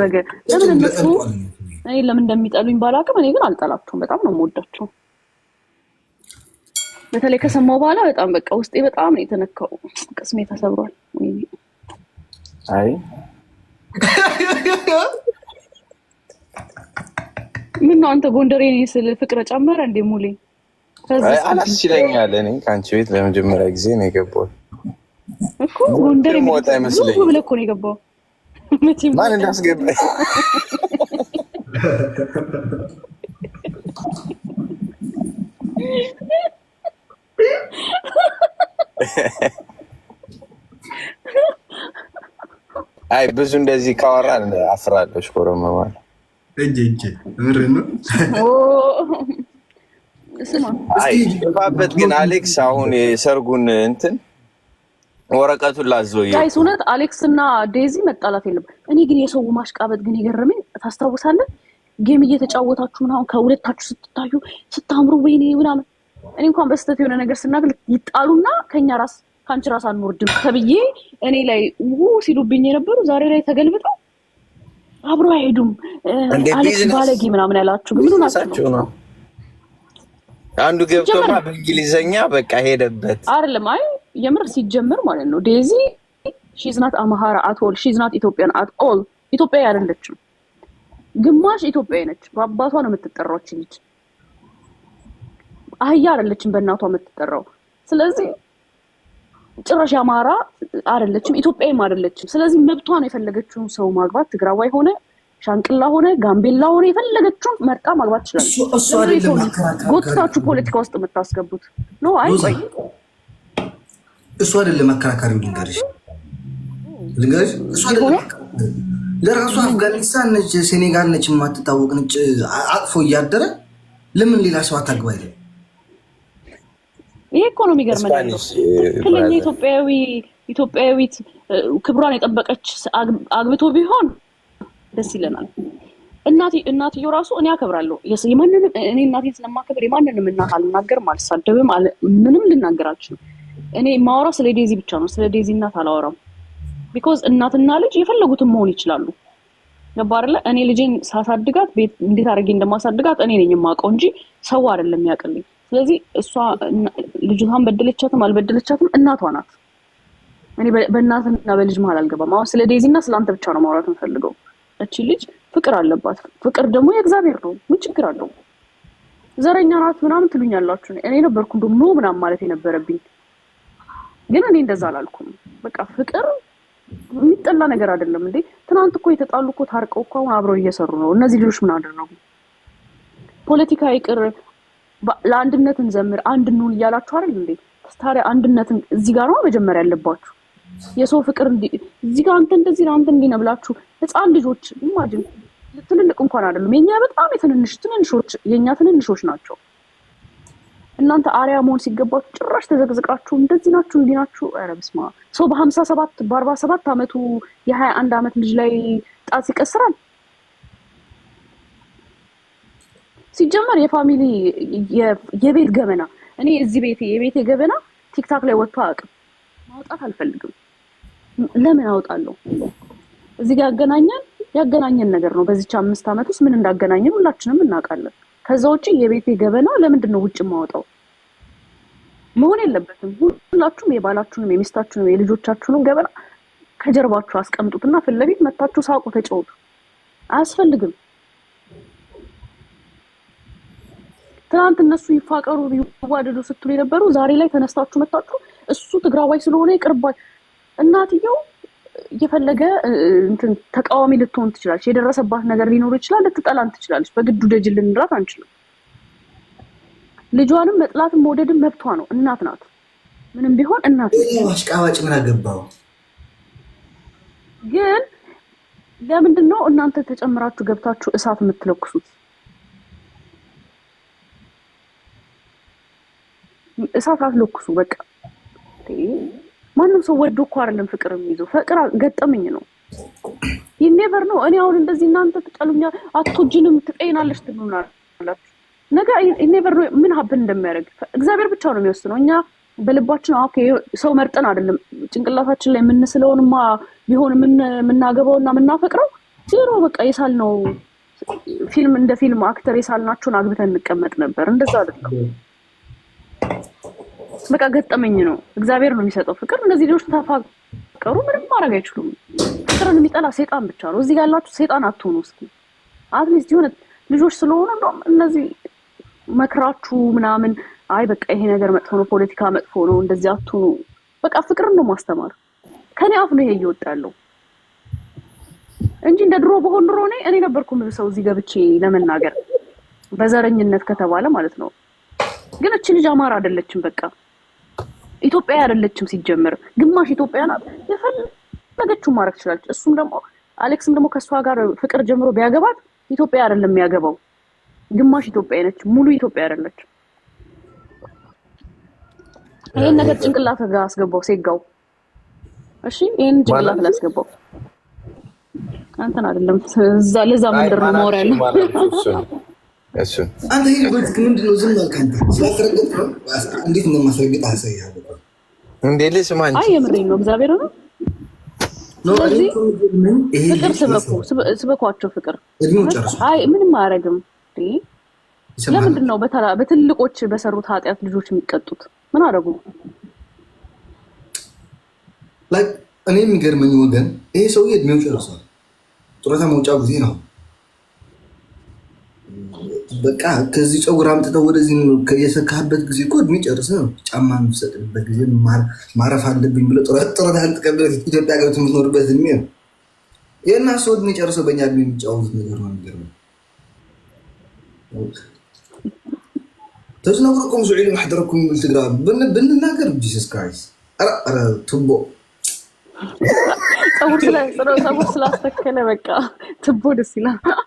ያደረገ ለምን እነሱ እኔ ለምን እንደሚጠሉኝ ባላውቅም እኔ ግን አልጠላቸውም። በጣም ነው የምወዳቸው። በተለይ ከሰማው በኋላ በጣም በቃ ውስጤ በጣም ነው የተነካው። ቅስሜ ተሰብሯል። አይ ምን ነው አንተ ጎንደሬ ነኝ ስል ፍቅረ ጨመረ እንዴ ሙሌ አላስ ይለኛል። እኔ ከአንቺ ቤት ለመጀመሪያ ጊዜ ነው የገባሁት እኮ ጎንደሬ ብለህ እኮ ነው የገባው ማን እንዳስገባኝ አይ ብዙ እንደዚህ ካወራን አፍራለች። ኮረመማል እጅ እጅ ምር ነው ግን አሌክስ አሁን የሰርጉን እንትን ወረቀቱን ላዘው ጋይስ፣ እውነት አሌክስ እና ዴዚ መጣላት የለም። እኔ ግን የሰው ማሽቃበጥ ግን የገረመኝ ታስታውሳለህ? ጌም እየተጫወታችሁ ምናምን ከሁለታችሁ ስትታዩ ስታምሩ ወይኔ ምናምን እኔ እንኳን በስተት የሆነ ነገር ስናገር ይጣሉና ከኛ ራስ ከአንቺ ራስ አንወርድም ተብዬ እኔ ላይ ው ሲሉብኝ የነበሩ ዛሬ ላይ ተገልብጠው አብሮ አይሄዱም። አሌክስ ባለጌ ምናምን ያላችሁ ምን ናቸው ነው አንዱ ገብቶማ በእንግሊዘኛ በቃ ሄደበት አይደለም አይ የምር ሲጀምር ማለት ነው ዴዚ ሺዝናት አማሃራ አትኦል ሺዝናት ኢትዮጵያን አትኦል ኢትዮጵያ አይደለችም። ግማሽ ኢትዮጵያዊ ነች። በአባቷ ነው የምትጠራዎች ልጅ አህያ አይደለችም፣ በእናቷ የምትጠራው። ስለዚህ ጭራሽ አማራ አይደለችም፣ ኢትዮጵያዊም አይደለችም። ስለዚህ መብቷ ነው የፈለገችውን ሰው ማግባት። ትግራዋይ ሆነ ሻንቅላ ሆነ ጋምቤላ ሆነ የፈለገችውን መርጣ ማግባት ትችላለች። ጎትታችሁ ፖለቲካ ውስጥ የምታስገቡት ነው። አይ ቆይ እሱ አይደለም መከራከሪው። ልንገርሽ ልንገርሽ እሱ አይደለም ለራሱ አፍጋኒስታን ነች፣ ሴኔጋል ነች፣ የማትታወቅ ነች አቅፎ እያደረ ለምን ሌላ ሰው አታግባ አይደለም። ይሄ እኮ ነው የሚገርመን። ትክክለኛ ኢትዮጵያዊ ኢትዮጵያዊት ክብሯን የጠበቀች አግብቶ ቢሆን ደስ ይለናል። እናትዮ ራሱ እኔ አከብራለሁ። የማንንም እኔ እናቴን ስለማከብር የማንንም እናት አልናገርም፣ አልሳደብም፣ ምንም ልናገር አልችልም። እኔ የማወራው ስለ ዴዚ ብቻ ነው። ስለ ዴዚ እናት አላወራም። ቢኮዝ እናትና ልጅ የፈለጉትን መሆን ይችላሉ። ገባ አይደለ? እኔ ልጄን ሳሳድጋት ቤት እንዴት አድርጌ እንደማሳድጋት እኔ ነኝ የማውቀው እንጂ ሰው አይደለም ያውቅልኝ። ስለዚህ እሷ ልጅቷን በደለቻትም አልበደለቻትም እናቷ ናት። እኔ በእናትና በልጅ መሀል አልገባም። አሁን ስለ ዴዚ እና ስለ አንተ ብቻ ነው ማውራት የምፈልገው። እቺ ልጅ ፍቅር አለባት። ፍቅር ደግሞ የእግዚአብሔር ነው። ምን ችግር አለው? ዘረኛ ናት ምናምን ትሉኛላችሁ። እኔ ነበርኩ እንደውም ኖ ምናምን ማለት የነበረብኝ ግን እኔ እንደዛ አላልኩም። በቃ ፍቅር የሚጠላ ነገር አይደለም እንዴ። ትናንት እኮ የተጣሉ እኮ ታርቀው እኮ አሁን አብረው እየሰሩ ነው። እነዚህ ልጆች ምን አደረጉ? ፖለቲካ ይቅር፣ ለአንድነት እንዘምር፣ አንድ እንሁን እያላችሁ አይደል እንዴ? ታዲያ አንድነትን እዚህ ጋር ነው መጀመሪያ ያለባችሁ። የሰው ፍቅር እዚህ ጋር አንተ እንደዚህ አንተ እንዲህ ነው ብላችሁ ህፃን ልጆች ኢማጂን፣ ትልልቅ እንኳን አይደሉም። የኛ በጣም የትንንሽ ትንንሾች የእኛ ትንንሾች ናቸው። እናንተ አሪያ መሆን ሲገባችሁ ጭራሽ ተዘቅዝቃችሁ እንደዚህ ናችሁ እንዲህ ናችሁ። ኧረ በስመ አብ ሰው በሀምሳ ሰባት በአርባ ሰባት አመቱ የሀያ አንድ አመት ልጅ ላይ ጣት ይቀስራል። ሲጀመር የፋሚሊ የቤት ገበና እኔ እዚህ ቤቴ የቤቴ ገበና ቲክታክ ላይ ወጥቶ አያውቅም። ማውጣት አልፈልግም። ለምን አውጣለሁ? እዚህ ጋር ያገናኘን ያገናኘን ነገር ነው። በዚች አምስት አመት ውስጥ ምን እንዳገናኘን ሁላችንም እናውቃለን። ከዛ ውጭ የቤቴ ገበና ለምንድን ነው ውጭ የማወጣው? መሆን የለበትም። ሁላችሁም የባላችሁንም፣ የሚስታችሁንም፣ የልጆቻችሁንም ገበና ከጀርባችሁ አስቀምጡትና ፊት ለፊት መታችሁ ሳቁ፣ ተጫወቱ። አያስፈልግም። ትናንት እነሱ ይፋቀሩ ይዋደዱ ስትሉ የነበሩ ዛሬ ላይ ተነስታችሁ መታችሁ እሱ ትግራዋይ ስለሆነ ይቅርባል እናትየው እየፈለገ እንትን ተቃዋሚ ልትሆን ትችላለች። የደረሰባት ነገር ሊኖር ይችላል። ልትጠላን ትችላለች። በግዱ ደጅ ልንራት አንችልም። ልጇንም መጥላትም መውደድም መብቷ ነው። እናት ናት። ምንም ቢሆን እናት። አሽቃባጭ ምን አገባው? ግን ለምንድን ነው እናንተ ተጨምራችሁ ገብታችሁ እሳት የምትለኩሱት? እሳት አትለኩሱ በቃ ማንም ሰው ወዶ እኮ አይደለም ፍቅር የሚይዘው ፍቅር ገጠመኝ ነው። ይኔቨር ነው። እኔ አሁን እንደዚህ እናንተ ትጠሉኛ አቶጅንም ትጠይናለች ትሉናላችሁ። ነገ ይኔቨር ነው ምን ሀብን እንደሚያደርግ እግዚአብሔር ብቻ ነው የሚወስነው። እኛ በልባችን ኦኬ ሰው መርጠን አይደለም ጭንቅላታችን ላይ የምንስለውንማ ቢሆን የምናገባውና የምናፈቅረው ዜሮ በቃ የሳል ነው ፊልም እንደ ፊልም አክተር የሳልናቸውን አግብተን እንቀመጥ ነበር። እንደዛ አይደለም። በቃ ገጠመኝ ነው። እግዚአብሔር ነው የሚሰጠው ፍቅር። እነዚህ ልጆች ተፋቀሩ፣ ምንም ማድረግ አይችሉም። ፍቅርን የሚጠላ ሴጣን ብቻ ነው። እዚህ ያላችሁ ሴጣን አትሆኑ። እስኪ አትሊስት የሆነ ልጆች ስለሆኑ እንደውም እነዚህ መክራችሁ ምናምን አይ በቃ ይሄ ነገር መጥፎ ነው፣ ፖለቲካ መጥፎ ነው፣ እንደዚህ አትሆኑ። በቃ ፍቅርን ነው ማስተማር። ከኔ አፍ ነው ይሄ እየወጣ ያለው እንጂ እንደ ድሮ በሆን ድሮ እኔ እኔ ነበርኩ ሰው እዚህ ገብቼ ለመናገር በዘረኝነት ከተባለ ማለት ነው። ግን እቺ ልጅ አማራ አይደለችም በቃ ኢትዮጵያ አይደለችም ሲጀምር፣ ግማሽ ኢትዮጵያ ናት። የፈለገችውን ማድረግ ትችላለች። እሱም ደግሞ አሌክስም ደግሞ ከእሷ ጋር ፍቅር ጀምሮ ቢያገባት ኢትዮጵያ አይደለም የሚያገባው፣ ግማሽ ኢትዮጵያ ነች፣ ሙሉ ኢትዮጵያ አይደለች። ይህን ነገር ጭንቅላት ጋር አስገባው ሴጋው። እሺ ይህን ጭንቅላት ላይ አስገባው። አንተን አይደለም እዛ ለዛ ምንድን ነው ማውሪያለሁ አንተ ይህ ፖለቲክ ምንድን ነው? ዝም አልክ። አንተ ስላስረገጥ ነው። እንዴት አሳያለሁ። እንዴ የምሬን ነው። እግዚአብሔር ነው። ፍቅር ስበኩ፣ ስበኳቸው ፍቅር። አይ ምንም አያደርግም። ለምንድን ነው በትልቆች በሰሩት ኃጢአት ልጆች የሚቀጡት? ምን አደረጉ? እኔ የሚገርመኝ ወገን ይሄ ሰውዬ እድሜው ጨርሷል። ጡረታ መውጫ ጊዜ ነው። በቃ ከዚህ ፀጉር አምጥተው ወደዚህ የሰካህበት ጊዜ እኮ እድሜ ጨርሰህ ነው። ጫማ የምትሰጥበት ጊዜ ማረፍ አለብኝ ብለህ ጥረጥረ ጥረት ኢትዮጵያ ገብት የምትኖርበት እድሜ ነው። ይህና ሰው እድሜ ጨርሰው በእኛ እድሜ የሚጫወቱት ነገር ነው። ነገር ነው ተዝነግረኩም ስዑል ማሕደረኩም ብል ትግራ ብንናገር ጂሰስ ክራይስት ረ ትቦ ፀጉር ስላስተከለ በቃ ትቦ ደስ ይላል።